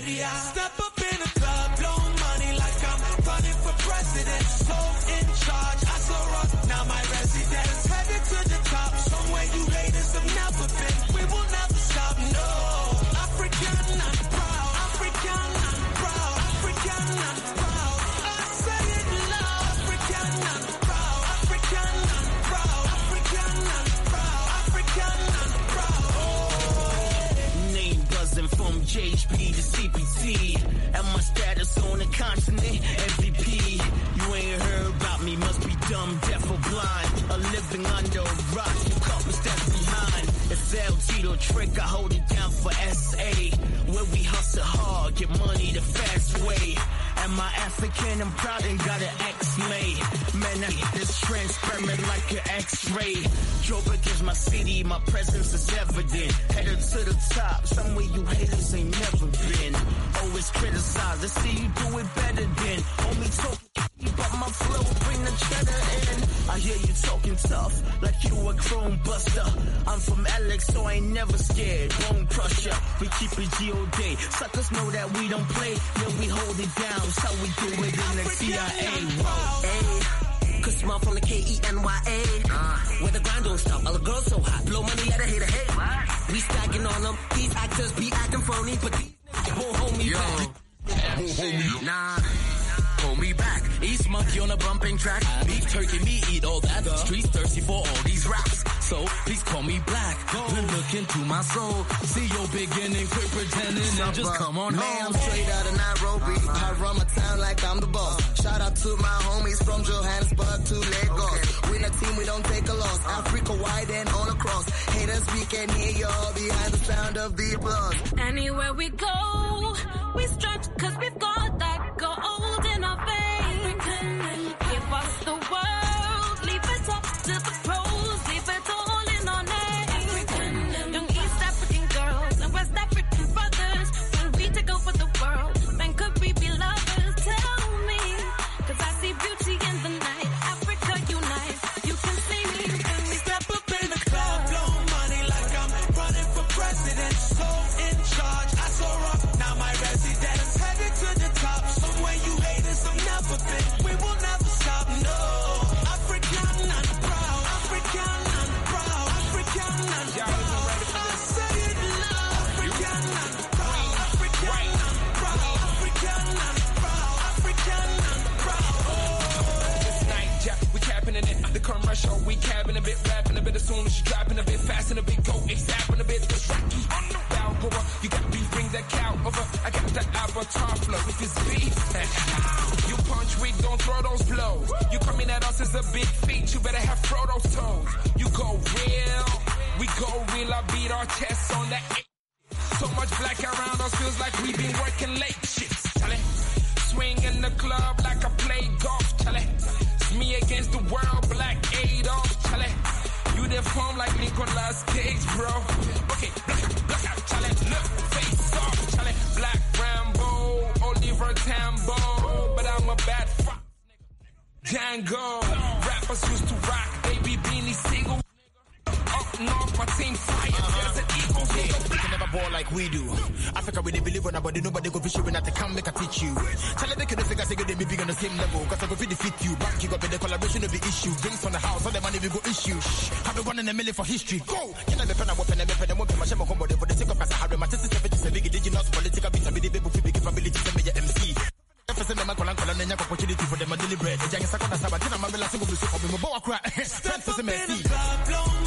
city. step up in a club, blow money like I'm running for president. So in charge, I saw rock, now my residence. Headed to the top, somewhere you haters have never been. We will never stop, no. African, I'm proud. African, I'm proud. African, I'm proud. I say it loud. African, I'm proud. African, I'm proud. African, I'm proud. African, I'm proud. Name buzzing from JHP see. And my status on the continent, MVP. You ain't heard about me, must be dumb, deaf or blind. A living under a rock, you caught me steps behind. It's LG the trick, I hold it down for SA. Where we hustle hard, get money the fast way. Am I African? I'm proud and got an X transparent like an x-ray. Joburg is my city, my presence is evident. Headed to the top, somewhere you haters ain't never been. Always criticized, I see you do it better than. Only talk but my flow bring the cheddar in. I hear you talking tough, like you a chrome buster. I'm from Alex, so I ain't never scared. Bone crusher, we keep it G.O.D. Suckers know that we don't play, yeah we hold it down. That's how we do it in the CIA. Whoa, hey. Cause smile from the K-E-N-Y-A. Uh. Where the grind don't stop, all the girls so hot. Blow money, let her hit a hate. What? We stacking on them. These actors be acting phony, but these won't hold me Yo. back. Won't hold me. Nah. Hold me back. East monkey on a bumping track. Beef turkey, me eat all that. Streets thirsty for all these raps. So please call me black. Gold. Been looking my soul. See your beginning, quit pretending and just come on Man, home. I'm straight out of Nairobi. Uh-huh. I run my town like I'm the boss. Uh-huh. Shout out to my homies from Johannesburg to Lagos. Okay. are a team, we don't take a loss. Uh-huh. Africa wide and all across. Haters, we can hear y'all behind the sound of the applause. Anywhere we go, we stretch cause we've got rapping a bit, rapping a bit as soon as you dropping a bit fast and a bit go exapping a bit. It's Rocky on the Balboa. You got me, bring that cow over. I got that avatar flow with this beat. you punch weak, don't throw those blows. You coming at us as a big feat, you better have Frodo's toes. You go real, we go real. I beat our chests on that. So much black around us feels like we've been working late shifts. Swing in the club like I play golf. Tell it, it's me against the world, black eight Adolf chale. You deform like Nicolas Cage, bro. Okay, black, out, chale. Look, face off, Challenge, Black Rambo, Oliver Tambo. But I'm a bad fuck. Django. Rappers used to rock, baby beanie single. Up north, my team fire. There's an eagle, nigga ball like we do. Africa, we they believe on nobody, nobody go fish you when I can make a teach you. Tell them they can figure say they be big on the same level. Cause I go fit defeat you. Bank you up in the collaboration of the issue. Drinks on the house, all the money we go issue. Shh, have been one in a million for history. Go! Can I be pen and weapon and weapon and weapon? My shame on body for the sake of I have My test is a bit of a big digital political beat. a be the baby for big family to send me MC. Stand up for the club, blown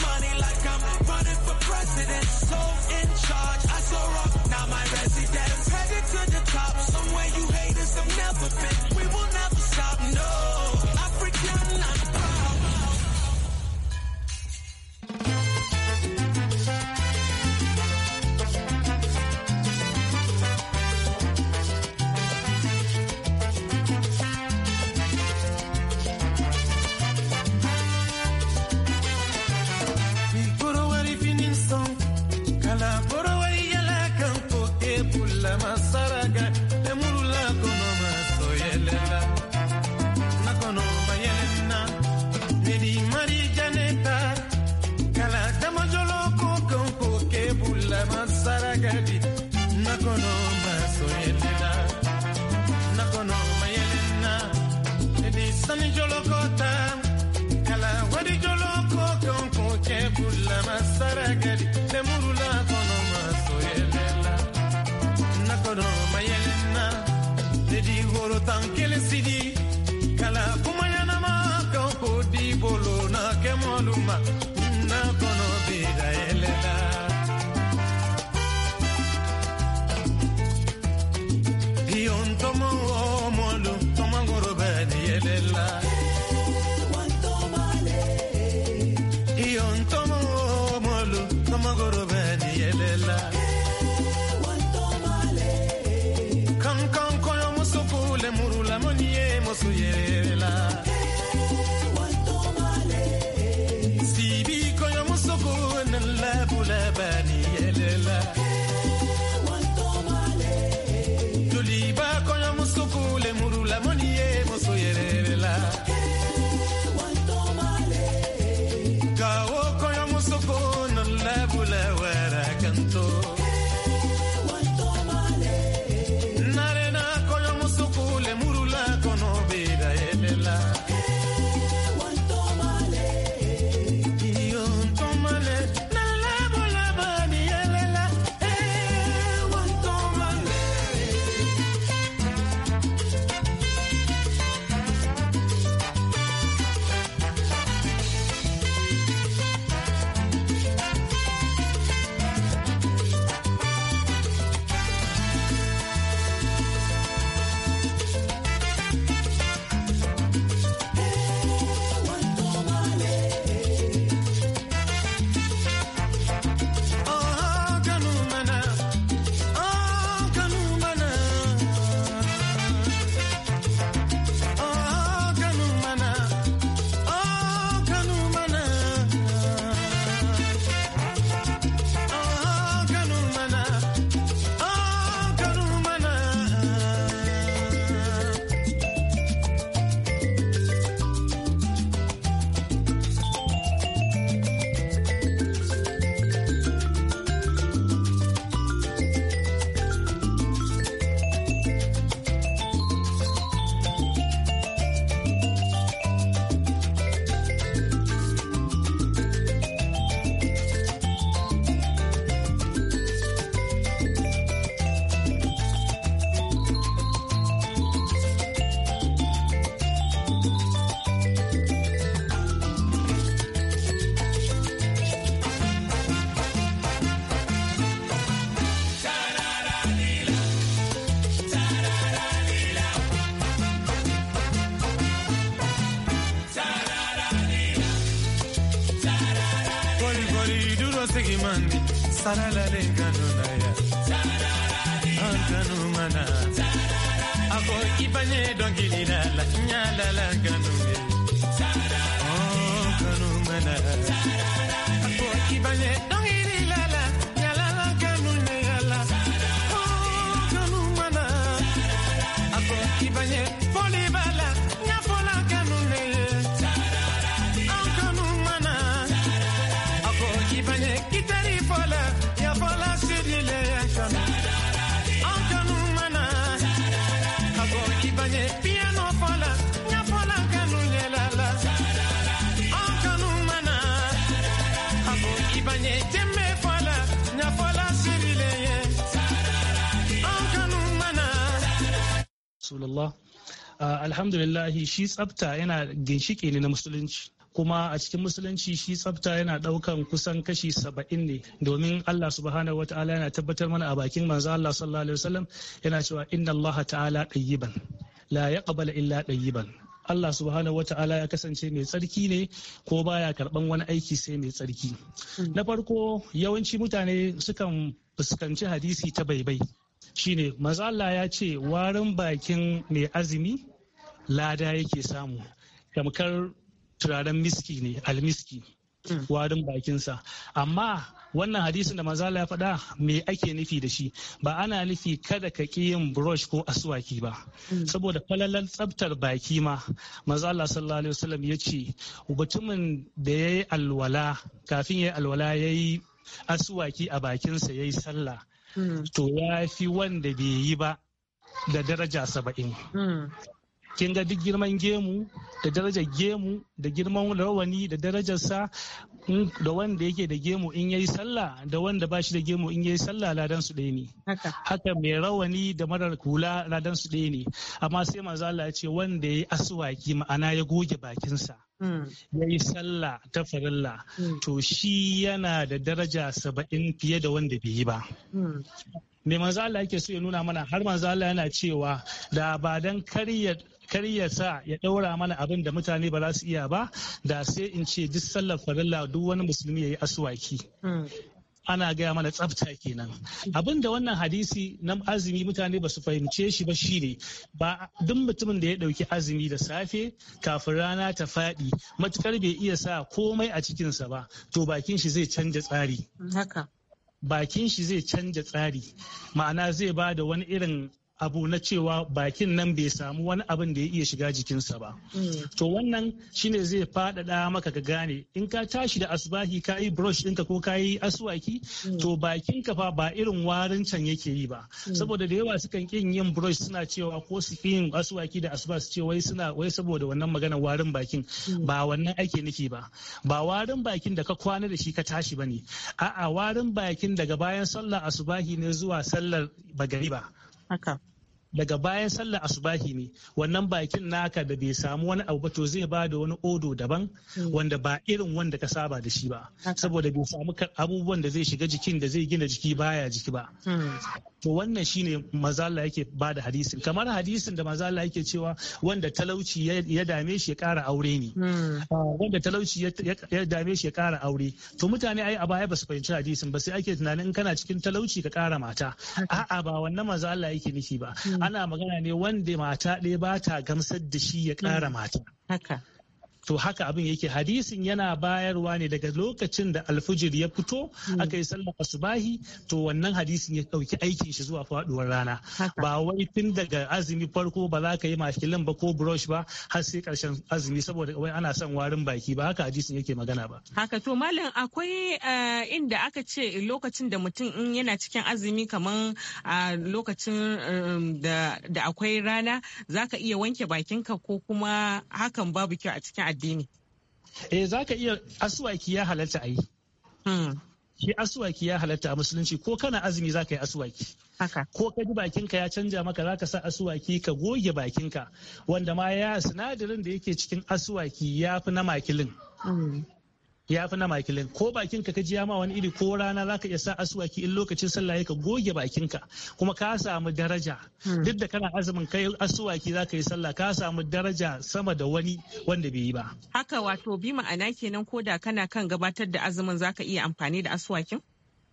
para la legalidad. Alhamdu ah, alhamdulillah shi tsafta yana ginshiki ne na musulunci kuma a cikin musulunci shi tsafta yana daukan kusan kashi saba'in ne domin Allah subhanahu wa ta'ala yana tabbatar mana a bakin manzo Allah sallallahu alaihi wasallam yana cewa inna Allah ta'ala tayyiban la yaqbalu illa ɗayyiban Allah subhanahu wa ta'ala ya kasance mai tsarki ne ko baya karban wani aiki sai mai tsarki hmm. na farko yawanci mutane sukan fuskanci hadisi ta baibai shine mazala Allah ya ce warin bakin mai azumi lada yake samu tamkar turaren miski ne almiski hmm. warin bakinsa amma wannan hadisin da mazala ya faɗa me ake nufi da shi ba ana nufi kada ka ki yin brush ko aswaki ba hmm. saboda falalan tsaftar baki ma maza Allah sallallahu alaihi wasallam ya ce mutumin da ya yi alwala kafin ya yi alwala ya yi aswaki a bakinsa ya yi sallah Hmm. to ya fi wanda bai yi ba da daraja saba'in hmm. kin ga duk girman gemu da darajar gemu da girman rawani da darajarsa da wanda yake da gemu in yayi sallah da wanda ba shi da gemu in yayi sallah ladan su ɗaya ne haka mai rawani da marar kula ladan su ɗaya ne amma sai manzo Allah ya ce wanda yayi aswaki ma'ana ya goge bakinsa hmm. ya yi sallah ta farilla hmm. to shi yana da daraja saba'in fiye da wanda bai yi ba hmm. ne manzo Allah yake so ya nuna mana har manzo Allah yana cewa da ba dan karya kar ya sa ya ɗaura mana abin da mutane ba za su iya ba da sai in ce duk sallar farilla duk wani musulmi ya yi asuwaki hmm. ana gaya mana tsafta kenan abin da wannan hadisi na azumi mutane ba su fahimce shi ba shine ba duk mutumin da ya dauki azumi da safe kafin rana ta faɗi matukar bai iya sa komai a cikinsa ba to bakin shi zai canja tsari haka bakin shi zai canja tsari ma'ana zai ba da wani irin abu na cewa bakin nan bai samu wani abin da ya iya shiga jikinsa ba. Mm. To wannan shine zai faɗaɗa maka ka gane in ka tashi da asbahi ka yi brush ɗinka ko ka yi asuwaki. Mm. to bakin kafa ba irin warin can yake yi ba. Mm. Saboda da yawa sukan kin yin brush suna cewa ko su yin aswaki da asuba su ce wai suna wai saboda wannan magana warin bakin ba wannan ake nufi ba. Ba warin bakin da ka kwana da shi ka tashi ba ne. A'a warin bakin daga bayan sallah asubahi ne zuwa sallar bagari ba. Haka. daga bayan sallar asubahi ne wannan bakin naka da bai samu wani abu ba to zai ba da wani odo daban hmm. wanda ba irin wanda ka saba da shi ba saboda bai samu abubuwan da zai shiga jikin da zai gina jiki baya jiki ba hmm. to wannan shine mazala yake ba da hadisin kamar hadisin da mazala yake cewa wanda talauci ya dame shi ya kara aure ne wanda talauci ya dame shi ya kara hmm. ah, aure to mutane ai a baya ba su fahimci hadisin ba sai ake tunanin in kana cikin talauci ka kara mata a'a ba wannan mazala yake nufi ba ana magana ne wanda mata ɗaya ba ta gamsar da shi ya ƙara mm. mata. Haka. to haka abin yake hadisin yana bayarwa ne daga lokacin da alfijir ya fito hmm. aka yi sallar asubahi to wannan hadisin ya ɗauki aikin shi zuwa faduwar rana ba wai tun daga azumi farko ba za ka yi mashkilin ba ko brush ba har sai karshen azumi saboda wai ana son warin baki ba haka hadisin yake magana ba haka to malam akwai eh, inda aka ce lokacin da mutum in yana cikin azumi kaman lokacin um, da akwai rana zaka iya wanke bakinka ko kuma hakan babu kyau a cikin addini E za ka iya asuwaki ya halatta a yi hmm. shi asuwaki ya halatta a musulunci ko kana azumi za ka yi asuwaki ko ka ji bakinka ya canja maka za ka sa asuwaki ka goge bakinka wanda ma ya sinadarin da yake cikin asuwaki ya fi na makilin hmm. ya fi na makilin ko bakin ka ji ma wani iri ko rana zaka iya sa aswaki in lokacin sallah ka goge bakin ka kuma ka samu daraja hmm. duk da kana azumin kai aswaki zaka yi sallah ka samu daraja sama da wani wanda bai yi ba haka wato bi ma'ana kenan ko da kana kan gabatar da azumin zaka iya amfani da aswakin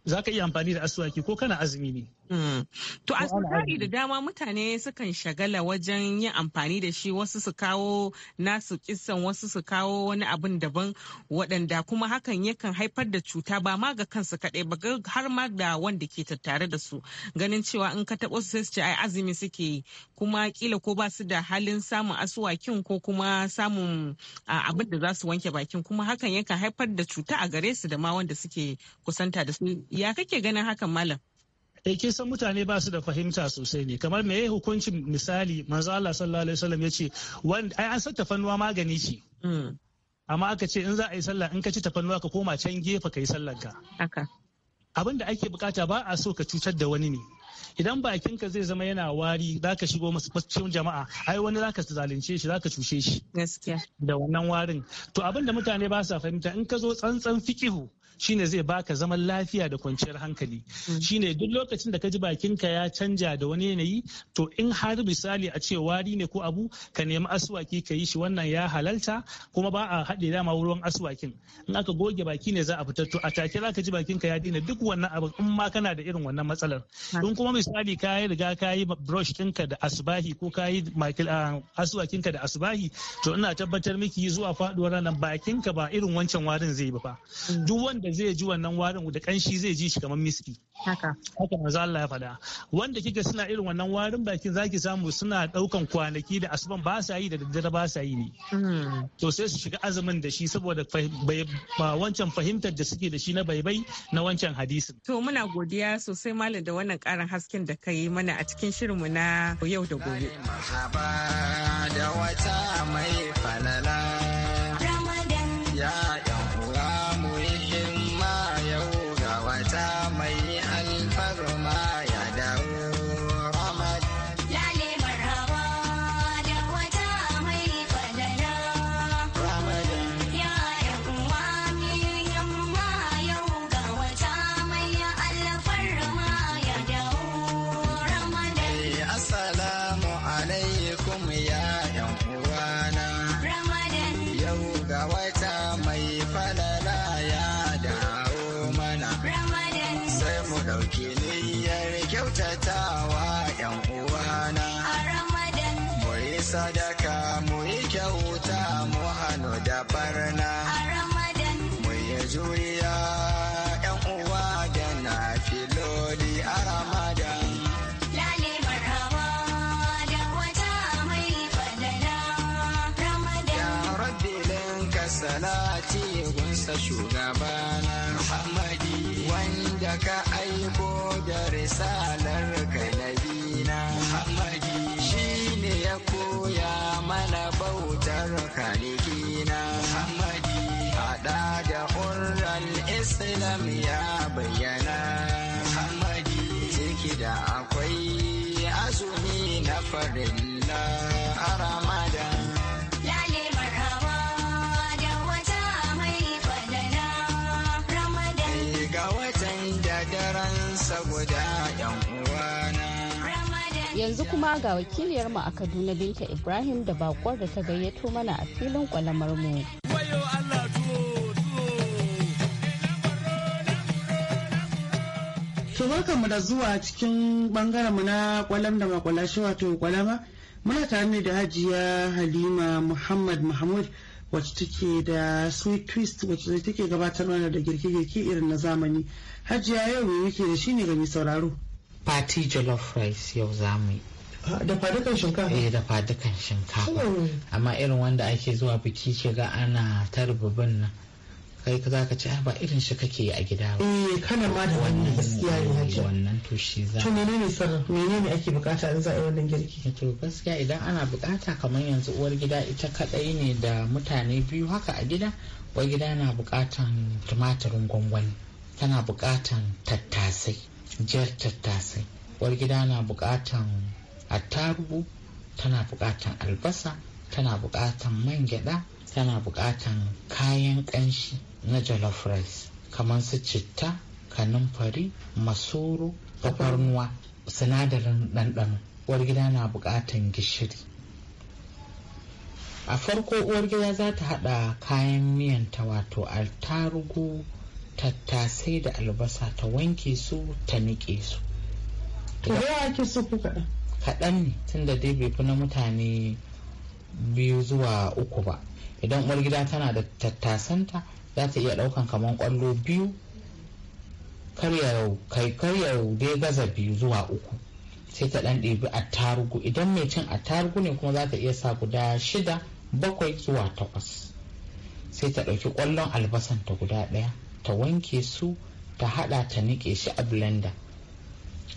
zaka iya amfani da aswaki ko kana azumi ne Mm. To a tsari da dama mutane sukan shagala wajen yin amfani da shi wasu su kawo nasu kisan wasu su kawo wani abin daban waɗanda kuma hakan yakan haifar da cuta ba ma ga kansu kaɗai ba har ma da wanda ke tattare da su ganin cewa in ka taɓa su sai ce ai azumi suke yi kuma kila ko ba su da halin samun asuwakin ko kuma samun abin da za su wanke bakin kuma hakan yakan haifar da cuta a gare su da ma wanda suke kusanta da su ya kake ganin hakan malam? eh kin san mutane ba su da fahimta sosai ne kamar me hukuncin misali manzo Allah sallallahu alaihi wasallam yace wanda ai an san tafannuwa magani ce hmm. amma aka ce in za a yi sallah in ka ci tafannuwa ka koma can gefe ka yi sallar ka haka abin da ake bukata ba a so ka cutar da wani ne idan bakinka zai zama yana wari za ka shigo fashin jama'a ai wani za ka zalunce shi za ka cushe shi Gaskiya. da wannan warin to abin da mutane ba sa fahimta in ka zo tsantsan fikihu shine zai baka zaman lafiya da kwanciyar hankali mm. shine duk lokacin da ka ji bakinka ya canja da wani yanayi to in har misali a ce wari ne ko abu ka nemi aswaki ka yi shi wannan ya halalta kuma ba a haɗe dama ruwan aswakin in aka goge baki ne za a fitar to a take za ka ji bakinka ya daina duk wannan abin in ma kana da irin wannan matsalar in kuma misali ka yi riga ka yi brush ɗinka da asbahi ko ka yi aswakinka da asbahi to ina tabbatar miki zuwa faɗuwar ranar bakinka ba irin wancan warin zai ba mm. duk wanda zai ji wannan warin da kanshi zai ji shi kamar miski haka haka maza Allah ya faɗa wanda kika suna irin wannan warin bakin zaki samu suna ɗaukan kwanaki da asuban ba sa yi da daddare ba sa yi ne hmm. to sai su shiga azumin da shi saboda wancan fahimtar da suke da shi na baibai na wancan hadisin to muna godiya sosai malam da wannan karin hasken da ka yi mana a cikin shirinmu na yau da gobe sa shugabana Muhammadi wanda ka aiko da risalar kai nabina Muhammadi shi ne ya koya mana bautar kalikina Muhammadi hada da hurran Islam ya bayyana Muhammadi ciki da akwai azumi na farin yanzu kuma ga wakiliyarmu a kaduna binta ibrahim da bakwar da ta gayyato mana a filin kwalamar mu. To mu da zuwa cikin bangaren mu na kwalam da makwalashi wato kwalama muna tare ne da hajiya halima muhammad mahmud wacce take da sweet twist wacce take gabatar mana da girke-girke irin na zamani hajiya yau ne muke da shi ne ga mai sauraro. fati jollof rice yau za mu yi ah, da fadukan shinkafa eh da fadukan shinkafa amma irin wanda ake zuwa biki ke ga ana tarbabin nan kai ka zaka ci ah, ba irin shi kake yi a gida ba eh kana ma da wannan gaskiya ne haji wannan to shi za to menene sir menene ake bukata in za a yi wannan girki eh, to gaskiya idan ana bukata kamar yanzu uwar gida ita kadai ne da mutane biyu haka a gida uwar gida na bukatan tumatirin gwangwani tana bukatan tattasai jar tattasai uwar gida na bukatan attarugu tana bukatan albasa tana bukatan man gyada tana bukatan kayan kanshi na jollof rice kamar su citta kanumfari masoro tafarnuwa sinadarin ɗanɗano uwar gida na bukatan gishiri a farko uwar gida za ta haɗa kayan miyanta wato altarugu tattasai da albasa ta wanke su ta niƙe su to yawa ke su ku kaɗan kaɗan ne tunda dai bai na mutane biyu zuwa uku ba idan uwar gida tana da tattasanta za ta iya ɗaukan kamar ƙwallo biyu karyar dai gaza biyu zuwa uku sai ta ɗan ɗebi attarugu idan mai cin attarugu ne kuma za ta iya sa guda shida bakwai zuwa takwas sai ta ɗauki ƙwallon albasan ta guda ɗaya ta wanke su ta hada ta nike shi a blender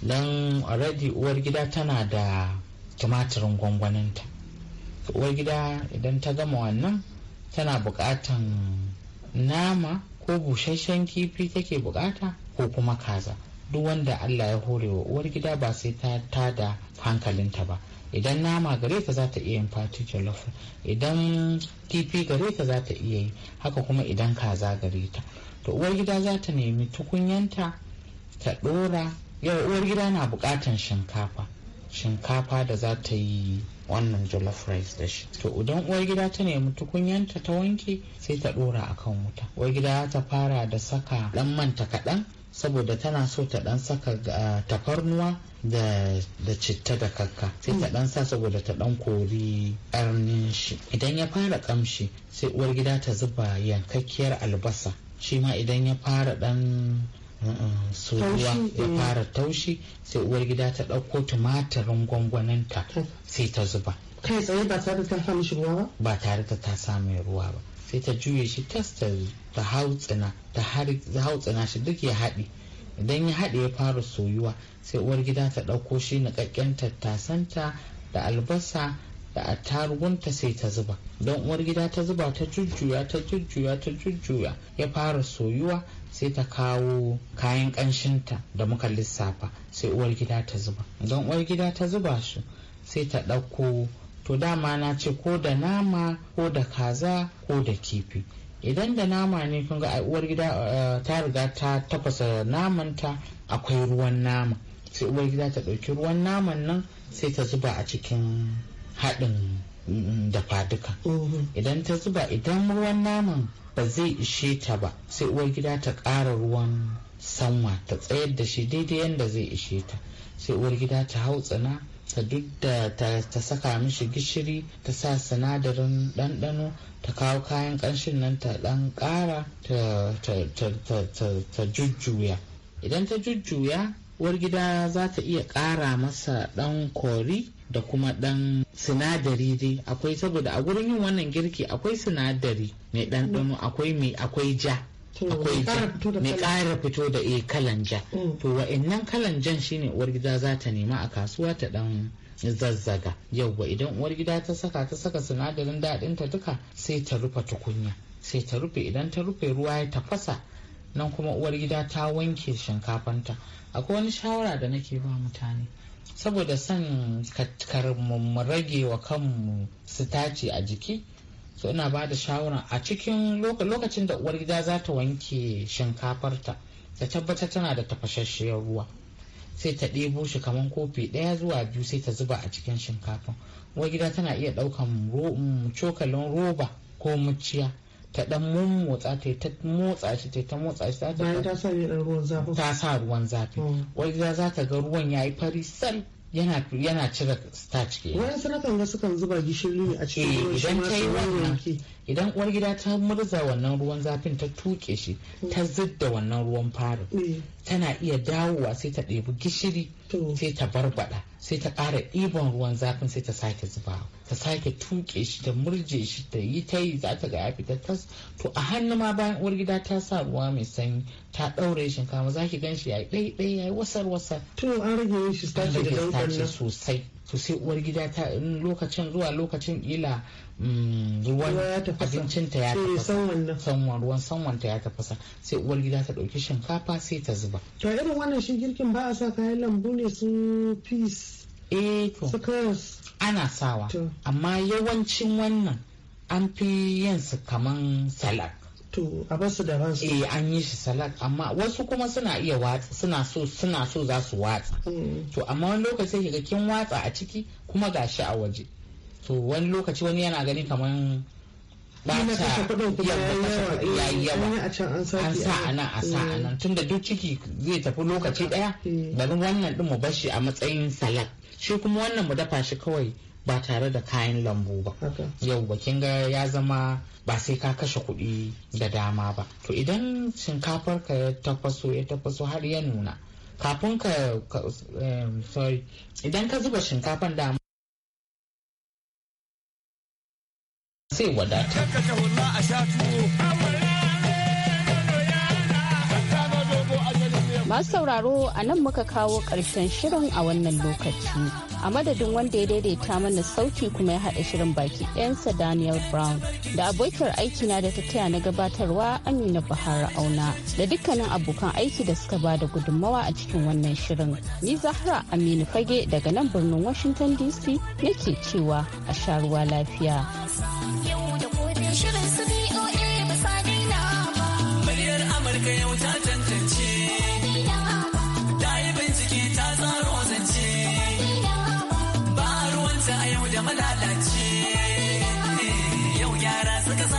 don already uwar gida tana da tumatirin gwangwaninta uwar gida idan ta gama wannan tana bukatan nama ko busasshen kifi take bukata ko kuma kaza duk wanda allah ya horewa uwar gida ba sai ta tada hankalinta ba idan nama gare ta za ta iya yin fati jollof idan kifi gare ta za ta iya yi haka kuma idan kaza gare ta to uwar gida za ta nemi tukunyanta ta dora yau uwar gida na bukatan shinkafa shinkafa da za ta yi wannan jollof rice da shi to idan uwar gida ta nemi tukunyanta ta wanke sai ta dora kan wuta uwar gida ta fara da saka dan manta kaɗan saboda tana so ta dan saka tafarnuwa da citta da kakka sai ta dan sa saboda ta dan kori karnin shi idan ya fara kamshi sai uwar gida ta zuba yankakkiyar albasa shi ma idan ya fara dan soyuwa ya fara taushi sai uwar gida ta ɗauko tumatirin gwangwaninta sai ta zuba kai tsaye ba tare ta sami shi ruwa ba ba tare da ta sami ruwa ba sai ta juye shi tas ta hautsina ta hautsina shi duk ya haɗi idan ya haɗe ya fara soyuwa sai uwar gida ta ɗauko shi niƙaƙƙen tattasanta da albasa da a tarugunta sai ta zuba don uwar gida ta zuba ta jujjuya ta jujjuya ta jujjuya ya fara soyuwa sai ta kawo kayan ƙanshinta da muka lissafa sai uwar gida ta zuba don uwar gida ta zuba su sai ta ɗauko to dama na ce ko da nama ko da kaza ko da kifi idan da nama ne kun ga uwar gida eh, ta riga ta tafasa namanta akwai ruwan nama sai uwar gida ta ɗauki ruwan naman nan sai ta zuba a cikin haɗin mm, dafa duka idan ta zuba idan ruwan naman ba zai ishe ta ba sai uwar gida ta ƙara ruwan sanwa ta tsayar da shi daidai yadda zai ishe ta sai uwar gida ta hau tsana ta duk da ta saka mishi gishiri ta sa sinadarin ɗanɗano ta kawo kayan ƙanshin nan ta ɗan ƙara ta jujjuya idan ta jujjuya uwar gida za ta iya ƙara masa ɗan kori da kuma ɗan sinadari dai akwai saboda a gurin yin wannan girki akwai sinadari mai ɗanɗano akwai mai akwai ja akwai mai ƙara fito da e kalan ja mm. to wa'annan kalan jan shine uwar gida za ta nema a kasuwa ta ɗan zazzaga yauwa idan uwar gida ta saka ta saka sinadarin daɗin ta duka sai ta rufe tukunya sai ta rufe idan ta rufe ruwa ya tafasa nan kuma uwar gida ta wanke shinkafanta akwai wani shawara da nake ba mutane saboda son mu rage wa kanmu sitaci a jiki so ina ba da shawara a cikin lokacin da uwar gida za ta wanke shinkafarta ta tabbatar tana da tafashasshiyar ruwa sai ta ɗebo shi kamar kofi ɗaya zuwa biyu sai ta zuba a cikin shinkafin uwar gida tana iya ɗaukan mm, cokalin roba ko muciya ta dan motsa ta ta motsa shi ta ta motsa shi ta ta sa ruwan zafi ta sa ruwan zafi hmm. wai za ta ga ruwan yayi fari san yana yana cire starch ke wani sanakan ga sukan zuba gishiri a cikin eh, ruwan idan ta yi idan uwar gida ta murza wannan ruwan zafin ta tuke shi ta hmm. zidda wannan ruwan farin eh. tana iya dawowa sai ta ɗebi gishiri sai ta barbada sai ta ƙara ɗiban ruwan zafin sai ta sake zubawa ta sake tuke shi ta murje shi ta yi ta yi za ta ga ya fita tas to a hannu ma bayan uwar gida ta sa ruwa mai sanyi ta ɗaure shinkafa za ki gan shi ya yi ɗai ɗai ya yi wasar wasar to an rage shi ta ce da sosai to sai uwar gida ta lokacin zuwa lokacin ila mm, ruwan abincinta ya eh, tafasa sanwan ruwan sanwanta ya tafasa sai uwar gida ta ɗauki shinkafa sai ta zuba to irin wannan shi girkin ba a sa kayan lambu ne su peace eh to ana sawa amma yawancin wannan an fi yin su kaman salak to a basu da ransu eh an yi shi salak amma wasu kuma suna iya watsa suna so suna so za su watsa mm. to amma wani lokaci ga kin watsa a ciki kuma gashi a waje to wani lokaci wani yana gani kaman ba ya yi yawa eh, an sa a nan a sa a nan tunda duk ciki zai tafi lokaci mm. ɗaya bari wannan din mu bashi a matsayin salak shi kuma wannan mu dafa shi kawai ba tare da kayan lambu ba yau ba kin ga ya zama ba sai ka kashe kuɗi da dama ba to idan shinkafar ka ya tafaso ya tafaso har ya nuna kafin ka sorry idan ka zuba shinkafar da sai wadata Masu sauraro a nan muka kawo ƙarshen shirin a wannan lokaci. A madadin wanda ya daidaita mana sauti kuma ya haɗa shirin baki ɗayansa Daniel Brown da abokiyar aikina da ta taya na gabatarwa Amina Bahara Auna da dukkanin abokan aiki da suka ba da gudunmawa a cikin wannan shirin. Ni Zahra Aminu Fage daga nan birnin Washington DC nake cewa a sharuwa lafiya. Yau da shirin su ba sa daina ba. Muryar Amurka ta